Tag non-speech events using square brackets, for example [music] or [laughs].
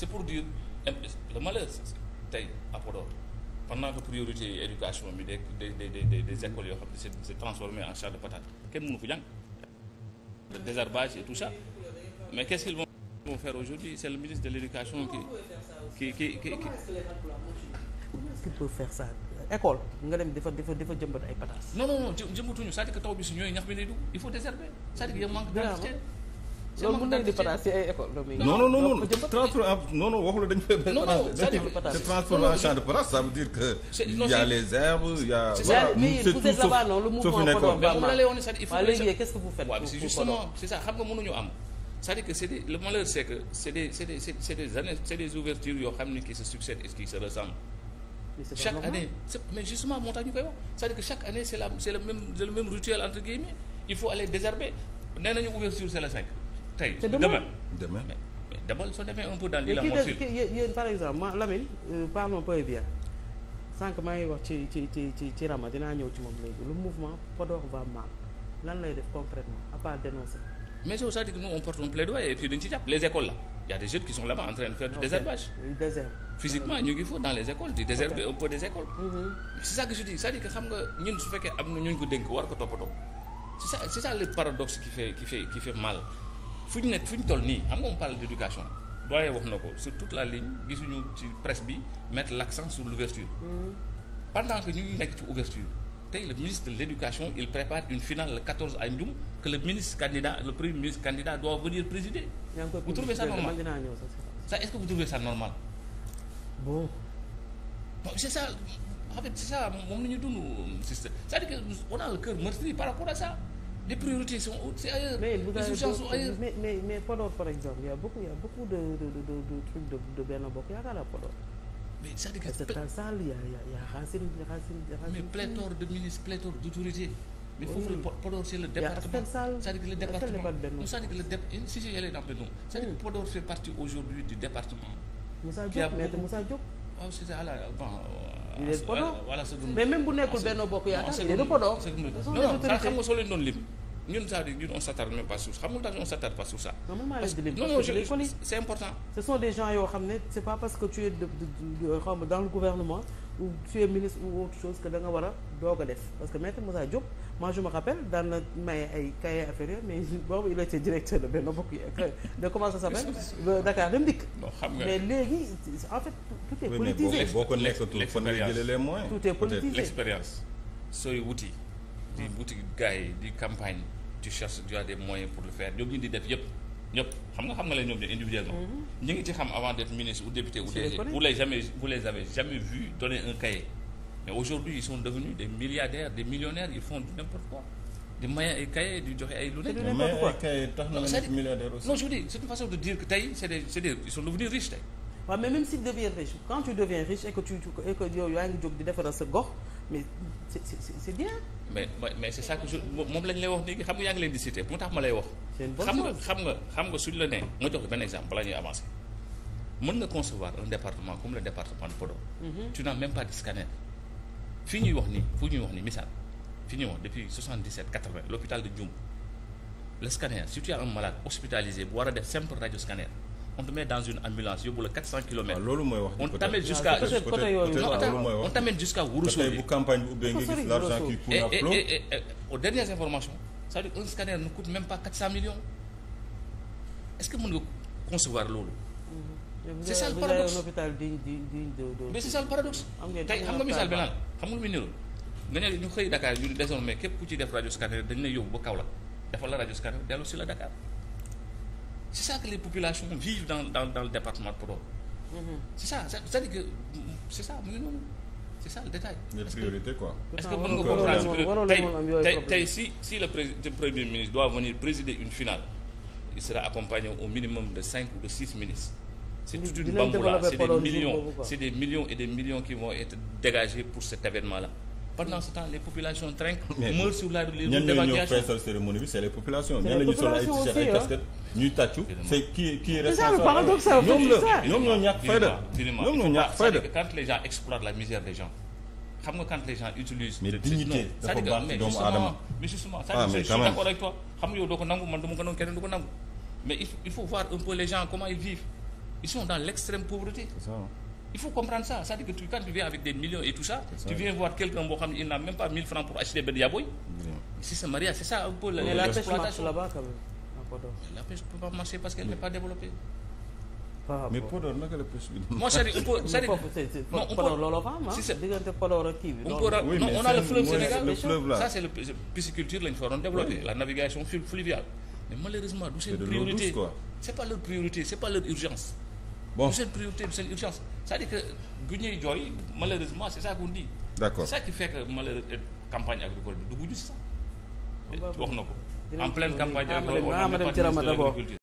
c'est pour dire le malheur tey à Podor pendant que priorité éducation bi des des des des écoles yoo xam ne c'est c'est transformé en champ de patates kenn mënu ko jàng le et tout ça mais qu'est-ce qu'ils vont faire aujourd'hui c'est le ministre de l'éducation qui ki qui qui qui peut faire ça école nga dem dafa dafa dafa jëmbat ay patates non non non jëmbatuñu c'est-à-dire que taw bi su ñëwee ñax bi lay dugg il faut désherber c'est-à-dire que yow manque d'entretien loolu mën nañu di pataas ci ay école non non non non transformé ah, non non waxu la dañu fay benn pataas c'est transformé en champ de pataas ça veut dire que il y a les herbes il y a voilà c'est tout sauf sauf une école waaw léegi qu'est-ce que vous faites waaw c'est justement c'est ça xam nga mënuñu am c'est-à-dire que c'est des le malheur c'est que c'est des c'est des c'est des années c'est des ouvertures yoo xam ne qui se succèdent et qui se ressemblent chaque année c'est mais justement moo tax ñu koy wax c'est-à-dire que chaque année c'est la c'est le même le même rituel entre guillemets il faut aller désherber nee nañu ouverture c'est le cinq tey demain demain mais demal soo demee un peu dans l'île yéen par exemple la Lamine euh, parlons peu bien ngi wax ci ci ci ci ci Rama dinaa ñëw ci moom léegi le mouvement Podor va mal lan lay def concrètement à part mais c'est ça que nous porte un plaidoyer et puis dañ ci jàpp les écoles là y a des jeunes qui sont là-bas de faire physiquement ñu ngi foofu dans les écoles di désherber un peu des écoles mm-hmm. c'est ça que je dis cest à que xam nga ñun su fekkee am na ñun ko dénk war ko toppatoo c'est ça c'est ça le paradoxe fu ñu nekk fu ñu toll nii xam nga on parle d'éducation doyen wax na ko sur toute la ligne gisuñu ci presse bi mettre l'accent sur l'ouverture mm-hmm. pendant que ñu ngi nekk ci ouverture tey le ministre de l'éducation il prépare une finale le 14 à Ndioum que le ministre candidat le premier ministre candidat doit venir présider. vous trouvez ça normal ça est-ce que vous trouvez ça normal. bon. c'est ça en fait c'est ça moom la ñu dund c'est-à-dire que on a le les priorités sont autres, c'est ailleurs. Mais, Mais, mais, mais par exemple, il y a beaucoup, de, de, de, de trucs de, de Benno Bokyaga là, Mais ça dégage. C'est un sale, il y a, il y a, il y a racine, Mais pléthore de ministres, pléthore d'autorités. Mais il faut que Podor, c'est le département. C'est-à-dire que département. C'est-à-dire que Si j'ai allé dans Benno, c'est-à-dire que Podor fait partie aujourd'hui du département. Moussa Diop, Moussa Diop. Ah, c'est ça, là, bon. Euh, il est de Podor. voilà mais même bu nekkul ah, benn bokk yaakaar il est de Podor. non sax xam nga soo doon lim. ñun c'est-à-dire ñun on s'attarde même pas sur xam nga lu tax on s'attarde pas sur ça. non man maa leen di non non je c'est important. ce sont des gens yoo xam ne c'est pas parce que tu es de xaw ma dans le gouvernement ou tu es ministre ou autre chose que da nga war a doog a def parce que maître Moussa Diop moi je me rappelle daan na may ay cahier affaire mais [laughs] boobu il était directeur de benn bokk de comment ça s'appelle [laughs] Dakar Dem Dikk. bon xam nga mais léegi en fait tout est politisé. boo ko nekkatul fan nga jëlee les moyens. tout est politisé l'expérience sooy wuti. di ah. wuti gars yi di campagne. tu cherches tu as des pour le faire ñoom di def yëpp ñëpp xam nga xam nga leen ñoom ñoom individuellement. Mm-hmm. ñu ngi ci xam avant d'être ministre ou député ou DG. vous les jamais vous les avez jamais vu donner un cahier. mais aujourd'hui ils sont devenus des milliardaires des millionnaires ils font du n'importe quoi di maye ay cahier di joxe ay lu nekk. mais ay cahier tax na nga nekk milliardaire aussi. non je vous dis c'est une façon de dire que mais même mais c'est c'est c'est bien. mais mais c'est ça que je moom lañ lay wax léegi xam nga yaa ngi leen di cité tax ma lay wax. xam nga xam nga xam nga suñ la nee. ma jox benn exemple balaa ñuy avancer mën nga concevoir un département comme le département de Podor. Mm-hmm. tu n'as même pas de scanner. fii ñuy wax nii fu ñuy wax nii misaal fii ñuy wax depuis 77 80 l'hôpital de Dioum le scanner si tu as un malade hospitalisé bu war a def simple radio scanner. on te met dans une ambulance yóbbu la 400 kilomètres. Ah, loolu mooy wax on t'amène jusqu'à on t'amène jusqu'à Ourossogui bu campagne bi ubbee nga gis l'argent qui coule à flot et eh, eh, eh, aux dernières informations c'est-à-dire un scanner ne coûte même pas 400 millions est-ce que mën nga concevoir loolu. Mm-hmm. c'est ça le paradoxe mais c'est ça le paradoxe tey xam nga misaal bi naan xam nga lu muy niru nga ne ñu xëy Dakar ñu ne désormais képp ku ci def radio scanner dañu lay yóbbu ba Kaolack defal la radio scanner dellu si la Dakar c'est ça que les populations vivent dans le département de Podor. Mm -hmm. c'est ça cest dire que c'est ça mu c'est ça le détail. est-ce que ah, mën nga comprendre tey tey si si le président premier ministre doit venir présider une finale il sera accompagné au minimum de cinq ou de six ministres. c'est toute une bamboula c'est des millions et des millions qui vont être dégagés pour cet événement-là. pendant ce temps les populations trinquent. meurent sur la les routes d'évacuation ñenn ñoo ñëw cérémonie bi c'est les populations. ñenn la ñu sol ay t-shirt ay casquette ñuy tàccu. c'est qui qui est responsable ñoom la ñoom ñoo ñàkk fayda. ñoom ñoo ñàkk fayda quand les gens exploitent la misère des gens. xam nga quand les gens utilisent. mais dignité dafa baax ci doomu aadama mais justement ah, mais justement d'accord avec toi xam nga yow doo ko nangu man dama ko nangu keneen du ko nangu mais il faut voir un peu les gens comment ils vivent ils sont dans l'extrême pauvreté. C'est ça. il faut comprendre ça cest dire que tu quand tu avec des millions et tout ça. tu viens voir quelqu'un boo xam il n'a même pas 1000 francs pour acheter benn yaboy. si sa mariage c'est ça un peu la. la pêche marche pas marcher parce qu'elle n'est pas développée. mais Podor naka la pêche bi. moo c'est-à-dire on peut cest à Podor non on a fleuve Sénégal ça c'est le pisciculture lañ la navigation fluviale mais malheureusement du seen priorité bon du seen priorité du seen urgence c'est-à-dire que du ñuy jooy malheureusement c'est ça qu'on d'accord ça qui fait que campagne agricole bi dugg ñu sax. wax na ko en pleine campagne agricole